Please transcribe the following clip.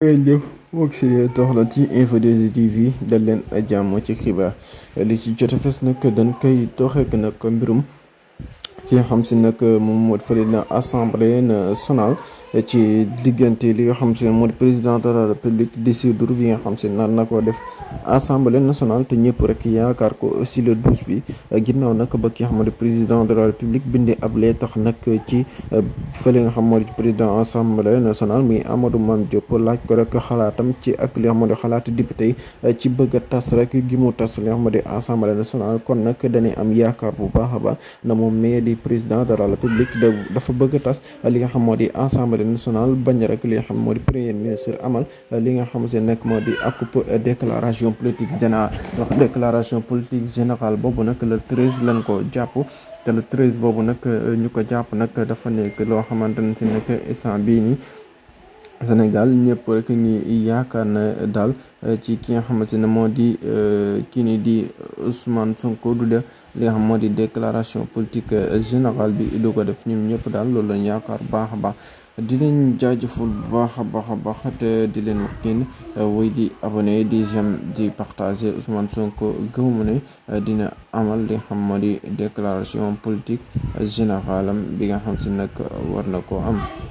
ngeen jëf mbokk si toxlat yi Info 2S TV dal leen jàmm ci xibaar li ci jot a fes nag dañ koy na ko mbirum ki nga xam si nag euh, moom moo fële na assemblée nationale euh, ci diggante li nga xam si moo président de la république décidure bi nga xam si nar na ko def assemblée nationale te ñëpp rek yaakaar ko si le douze bi euh, ginnaaw nag ba ki nga xam ne président de la république bindi ab lee tax nag ci fële nga xam moo di président assemblée nationale muy Amadou Mame Diop laaj ko rek xalaatam ci ak li nga xam ne xalaatu député yi ci bëgg a tas rek gi mu tas li nga xam ne assemblée kon nag dañuy am yaakaar bu baax a baax président de la dafa bëgg a tas li nga xam moo di assemblée nationale bañ rek li moo di premier ministre amal li nga xam si nekk moo di akup déclaration politique générale déclaration politique générale boobu nag le treize lañ ko jàpp te le treize boobu nag ñu ko jàpp nag dafa nekk loo xamante ne si nekk instant bii nii Sénégal ñëpp rek ñi yaakaar na daal eh, ci ki nga xamante ne moo di eh, kii ni di Ousmane Sonko du def li nga xam moo di déclaration politique eh, générale bi du ko def ñun ñëpp daal loolu lañ yaakaar baax a baax di leen jaajëful bu baax baax baax te di leen wax ngeen woy di abonné di j'aime di partager Ousmane Sonko gëmu ne dina amal li nga moo di déclaration politique générale am bi nga xam si nag war na ko am